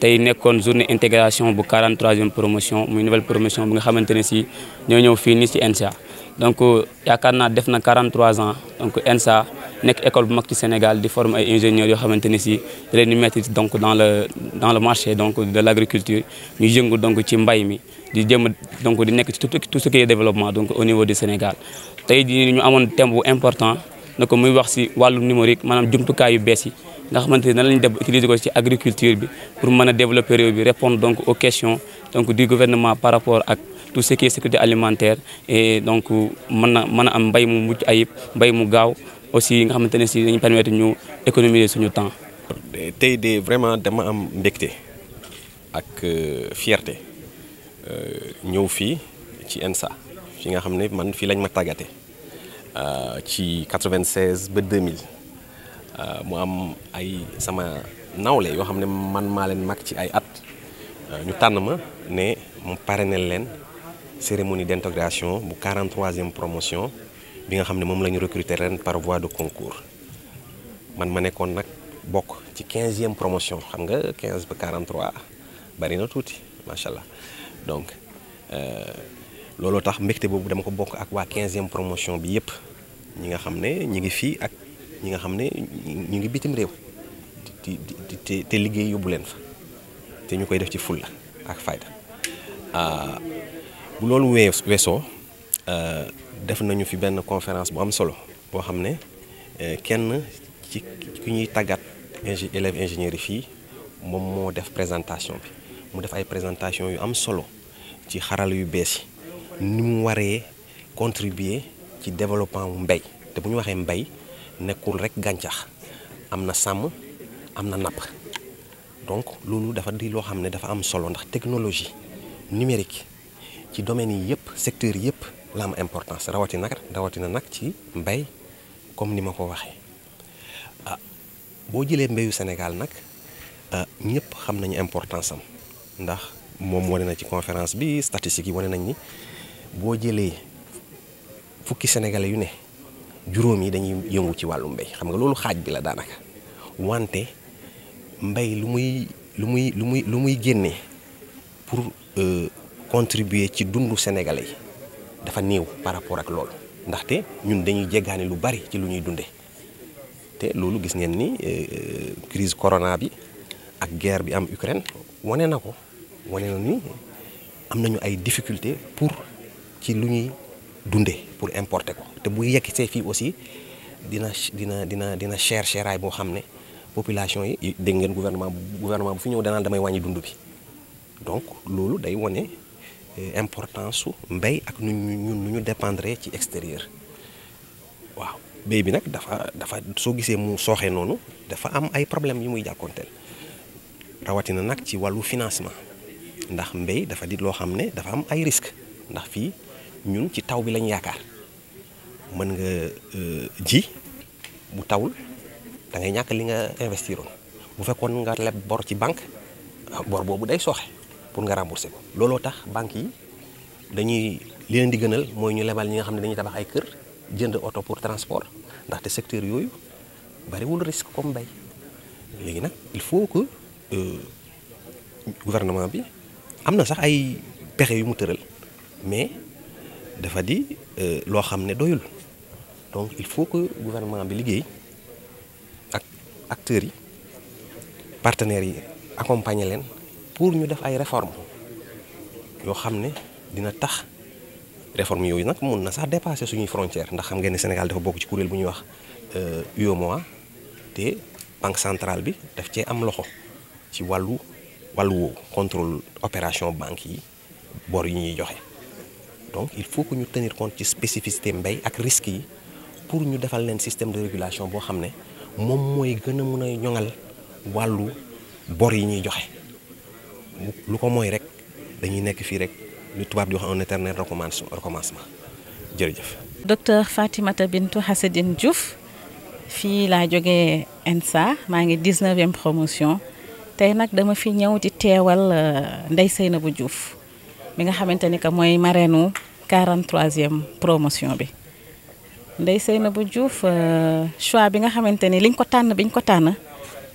tey nekkoon journée intégration bu 43e promotion muy nouvelle promotion bu nga xamante ne si ñoo ñëw fii nii ci ENSA donc yaakaar naa def na ans donc ENSA nekk école bu mag ci Sénégal di former ay yoo xamante si da leen di donc dans le dans le marché donc de l' agriculture ñu yëngu donc ci mbay mi di jëm donc di nekk ci tout ce qui est développement donc au niveau du Sénégal tey jii ñu amoon thème bu important na ko muy wax ci wàllu yu bees yi nga xamante ne nan la ñu def utiliser ko ci agriculture bi pour mën a développer réew bi répondre donc aux questions donc du gouvernement par rapport ak tout ce qui est sécurité alimentaire et donc mën na mën a am mbay mu mucc ayib mbay mu gaaw aussi nga xamante ne si dañu permettre ñu économiser suñu temps. tey de vraiment dama am mbégte ak euh, fierte euh, ñëw fii ci ENSA fi nga xam ne man fii lañ ma tàggate euh, ci 96 ba 2000. Euh, mu am ay sama nawle yoo xam ne man maa leen mag ci ay at euh, ñu tànn ma ne mu parrainé leen cérémonie d'intégration bu 43e promotion bi nga xam ne moom la ñu recruter ren par voie de concours man ma nekkoon nag bokk ci 15e promotion xam nga 15 ba 43 bari na tuuti macha allah donc euh, looloo tax mbégte boobu dama ko bokk ak waa 15e promotion bi yépp ñi nga xam ne ñi ngi fii ak. ñi nga xam ne ñu ngi bitim réew di te liggéey yóbbu leen fa te ñu koy def ci fulla ak fayda ah, bu loolu wee weesoo ah, def nañu fi benn conférence bu am solo boo xam ne eh, kenn ci ñuy tàggat ingi élève ingénieur yi fii moom moo def présentation bi mu def ay présentation yu am solo ci xarala yu bees yi ni mu waree contribuer ci développement mu mbéy te bu ñu waxee mbay nekkul rek gàncax am na sàmm am na napp donc loolu dafa di loo xam ne dafa am solo ndax technologie numérique ci domaines yi yëpp secteur yëpp la am importance rawatina nag rawatina nag ci mbay comme ni ma ko waxee ah boo jëlee mbayu Sénégal nag ah, ñëpp xam nañu importance am ndax moom wane na ci conférence bi statistiques yi wane nañ ni boo jëlee fukki sénégalais yu ne. juróom yi dañuy yëngu ci wàllu mbay xam nga loolu xaaj bi la daanaka wante mbay lu muy lu muy lu muy lu muy génne pour euh, contribuer ci dundu sénégalais yi dafa néew par rapport ak loolu ndaxte ñun dañuy jéggaane lu bari ci lu ñuy dunde te loolu gis ngeen ni euh, euh, crise corona bi ak guerre bi am Ukraine wane na ko wane na ni am nañu ay difficulté pour ci lu ñuy dunde pour importe ko te buy yekk see fii aussi dina dina dina dina cher cheraay boo xam ne population yi dégg ngeen gouvernement gouvernement bu fi ñëw danaan damay wàññi dund bi donc loolu day wane eh, importance su mbéy ak nu ñu nu ñu dépendre ci extérieur waaw béy bi nag dafa dafa soo gisee mu sooxee noonu dafa am ay problème yu muy jàkkoonteel rawatina nag ci wàllu financement ndax mbéy dafa di loo xam ne dafa am ay risque ndax fii ñun ci taw bi lañ yaakaar mën nga euh, ji bu tawul dangay ñàkk li nga investiroon bu fekkoon nga leb bor ci banque ah, bor boobu day sooxe pour nga rembourser ko looloo tax banque yi dañuy li leen di gënal mooy ñu lebal ñi nga xam ne dañuy tabax ay kër jënd oto pour transport ndaxte secteur yooyu bariwul risque comme bay léegi nag il faut que euh, gouvernement bi am na sax ay pexe yu mu tëral mais dafa di euh, loo xam ne doyul donc il faut que gouvernement bi liggéey ak acteurs yi partenaires yi accompagner leen pour ñu def ay réformes yoo xam ne dina tax réformes yooyu nag mun na sax dépasser suñuy frontière ndax xam ngeen ne Sénégal dafa bokk ci kuréel bu ñu wax euh, UEMOA te banque centrale bi daf cee am loxo ci wàllu wàllu woowu contrôle opération banque yi bor yi ñuy joxe. donc il faut que ñu tenir compte ci spécificité mbéy ak risques yi pour ñu defal leen système de régulation boo xam ne moom mooy gën a mën a ñoŋal wàllu bor yi ñuy joxe lu ko mooy rek dañuy nekk fii rek lu tubaab di wax un éternel recommencement jërëjëf. docteur Fatimata Bintou Hassedine Diouf fii laa jógee ENSA maa ngi 19e promotion tey nag dama fi ñëw di teewal euh, na Seynabou Diouf. mi nga xamante ni que mooy marraine 43e promotion bi Ndeye Seynabou Diouf euh, choix bi nga xamante ni liñ ko tànn biñ ko tànn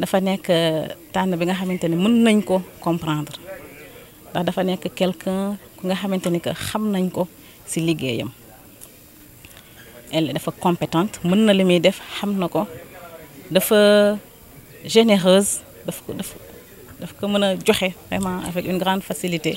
dafa nekk euh, tànn bi nga xamante ni mën nañ ko comprendre ndax dafa nekk quelqu'un ku nga xamante ni que xam nañ ko si liggéeyam elle dafa compétente mën na li muy def xam na ko dafa généreuse daf ko daf daf ko mën a joxe vraiment avec une grande facilité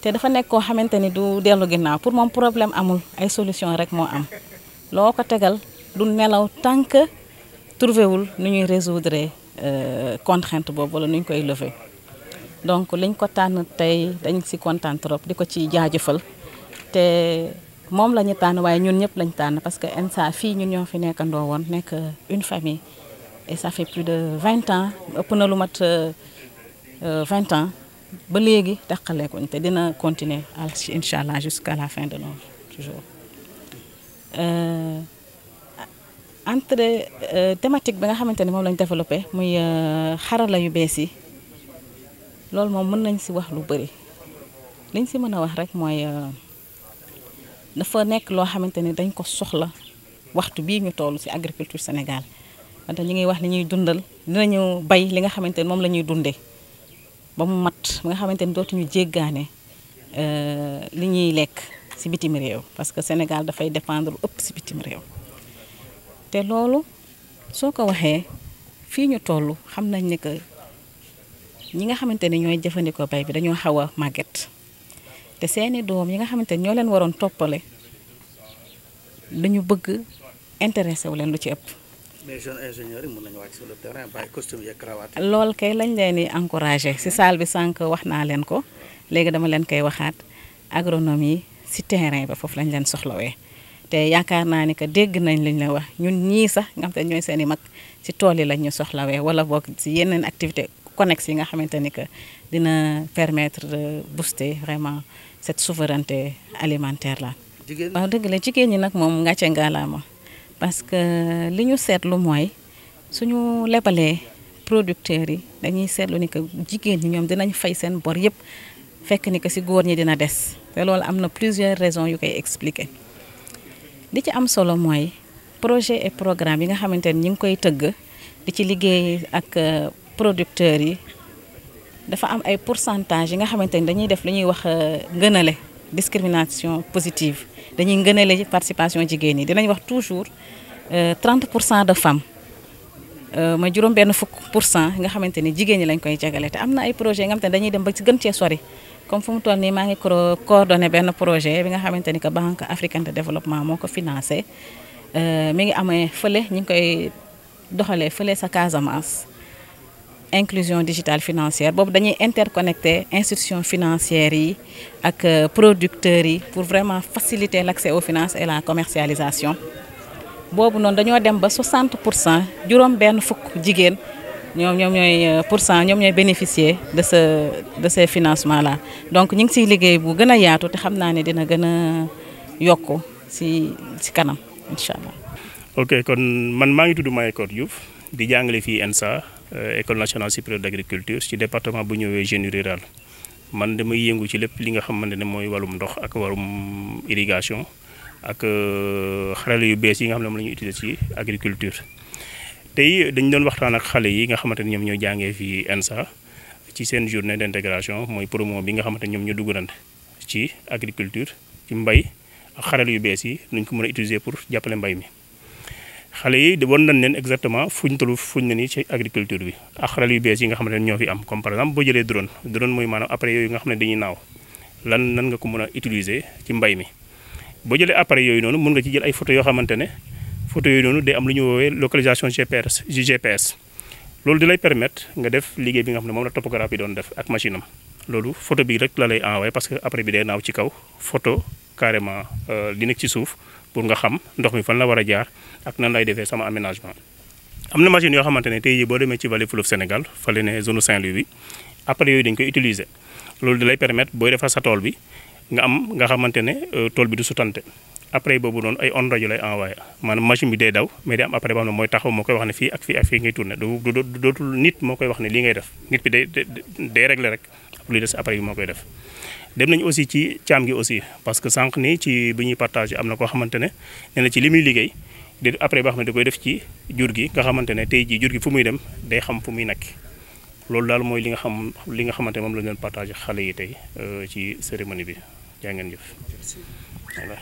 te dafa nekk koo xamante ni du dellu ginnaaw pour moom problème amul ay solution rek moo am loo ko tegal du nelaw tant que trouvé wul nu ñuy résoudre euh, contrainte boobu wala nu ñu koy lever donc liñ ko tànn tey dañ si kontaan trop di ko ci jaajëfal te moom la tànn waaye ñun ñëpp lañ tànn parce que ENSA fii ñun ñoo fi nekkandoo woon nekk une famille et ça fait plus de vingt ans ëpp na lu mat euh, vingt ans ba léegi taqaleekuñ te dina continuer incha allah jusqu'à la fin de nos toujours euh, entre euh, thématique bi nga xamante ni moom lañ développé muy euh, xarala yu bees yi loolu moom mën nañ si wax lu bari liñ si mën a wax rek mooy dafa nekk loo xamante ni dañ ko soxla waxtu bii ñu toll ci agriculture Sénégal wante ñu ngi wax li ñuy dundal dinañu bay li nga xamante ni moom la ñuy dundee ba mu mat ba nga xamante ni dootuñu jéggaane euh, li ñuy lekk si bitim réew parce que Sénégal dafay dépendre lu ëpp si bitim réew te loolu soo ko waxee fii ñu toll xam nañ ne que ñi nga xamante ne ñooy jëfandikoo bay bi dañoo xaw a màgget te seeni doom yi nga xamante ne ñoo leen waroon toppale dañu bëgg intéressé wu leen lu ci ëpp mais jeunes ingénieurs yi lool kay lañ leen di encouragé si salle bi sànq wax naa leen ko léegi dama leen koy waxaat agronomie yi si terrain ba foofu lañ leen soxlawee te yaakaar naa ni que dégg nañ liñ la wax ñun ñii sax nga xam te ñooy seen i mag si tool yi lañ ñu soxlawee wala boog si yeneen activité connexe yi nga xamante ni que dina permettre de booster vraiment cette souveraineté alimentaire là. jigéen waaw dëgg la jigéen ñi nag moom ngàcce ngaalaama parce que li ñu seetlu mooy suñu lebalee producteurs yi dañuy seetlu ni que jigéen ñi ñoom dinañ fay seen bor yëpp fekk ni que si góor ñi dina des te loolu am na plusieurs raisons yu koy expliquer di ci am solo mooy projet et programme yi nga xamante ni ñu ngi koy tëgg di ci liggéey ak euh, producteurs yi dafa am ay pourcentage yi nga xamante ni dañuy def lu ñuy wax euh, gënale discrimination positive dañuy ngënale participation jigéen ñi dinañ wax toujours euh, trente pour cent de femmes euh, ma juróom benn fukk pour cent nga xamante ni jigéen ñi lañ koy jegale te am na ay projet nga xamante ne dañuy dem ba ci gën cee comme fu mu toll nii maa ngi coordonné benn projet bi nga xamante ni que Banque africaine de développement moo ko financé euh, mi ngi amee fële ñu ngi koy doxalee fële sa Casamance. inclusion digitale financière boobu dañuy interconnecter institutions financière yi ak euh, producteurs yi pour vraiment faciliter l'accès au finances et la commercialisation boobu noonu dañoo dem ba 60 pour cent juróom benn fukk jigéen ñoom ñoom ñooy euh, pour cent ñoom ñooy bénéficier de ce de ces financements donc ñu ngi siy liggéey bu gën a yaatu te xam naa ne dina gën a yokk si si kanam incha allah. ok kon man maa ngi tudd Mahécor Diouf di jàngale fi ENSA. Euh, école nationale supérieure d'agriculture ci département bu ñëwee génie rural man damay yëngu ci lépp li nga xamante ne mooy wàllum ndox ak wàllum irrigation ak euh, xarale yu bees yi nga xam ne moom la ñuy utiliser agriculture. tey dañu doon waxtaan ak xale yi nga xamante ni ñoom ñoo jàngee fii ENSA ci seen journée d'intégration mooy promo bi nga xamante ne ñoom ñoo duggalante ci agriculture ci mbay ak xarale yu bees yi nuñ ko mën a utiliser pour jàppale mbay mi. xale yi di wan nañ leen exactement fuñ tollu fuñ ne nii ci agriculture bi ak xaral yu bees yi nga xam ne ñoo fi am comme par exemple boo jëlee drone drone mooy maanaam appareil yooyu nga xam dañuy naaw lan nan nga ko mën a utiliser ci mbay mi. boo jëlee appareil yooyu noonu mën nga ci jël ay photo yoo xamante ne photo yooyu noonu day am lu ñuy woowee localisation GPS GPS loolu di lay permettre nga def liggéey bi nga xam ne moom la topographie doon def ak machine am loolu photo bi rek lay envoyé parce que appareil bi day naaw ci kaw photo carrément euh, li nekk ci suuf. pour nga xam ndox mi fan la war a jaar ak nan lay defee sama aménagement. am na machine yoo xamante ne tey boo demee ci vallée fleuve Sénégal fale ne zone Saint-Louis bi appareil yooyu dañ koy utiliser loolu dalay lay booy defar sa tool bi nga am nga xamante ne euh, tool bi du sutante appareil boobu noonu ay ondes rajo lay envoyé maanaam machine bi day daw mais day am appareil boo xam mooy taxaw moo koy wax ne fii ak fii ak fii ngay tourné du dootul nit moo koy wax ne lii ngay def nit bi day day réglé rek lu des appareil bi moo koy def. dem nañ aussi ci caam gi aussi parce que sànq nii ci bi ñuy partagé am na koo xamante ne na ci li muy liggéey de après boo xam ne da koy def ci jur gi nga xamante ne tey jii jur gi fu muy dem day xam fu muy nekk loolu daal mooy li nga xam li nga xamante moom la ñu doon partagé xale yi tey euh, ci cérémonie bi jàngeen ngeen jëf.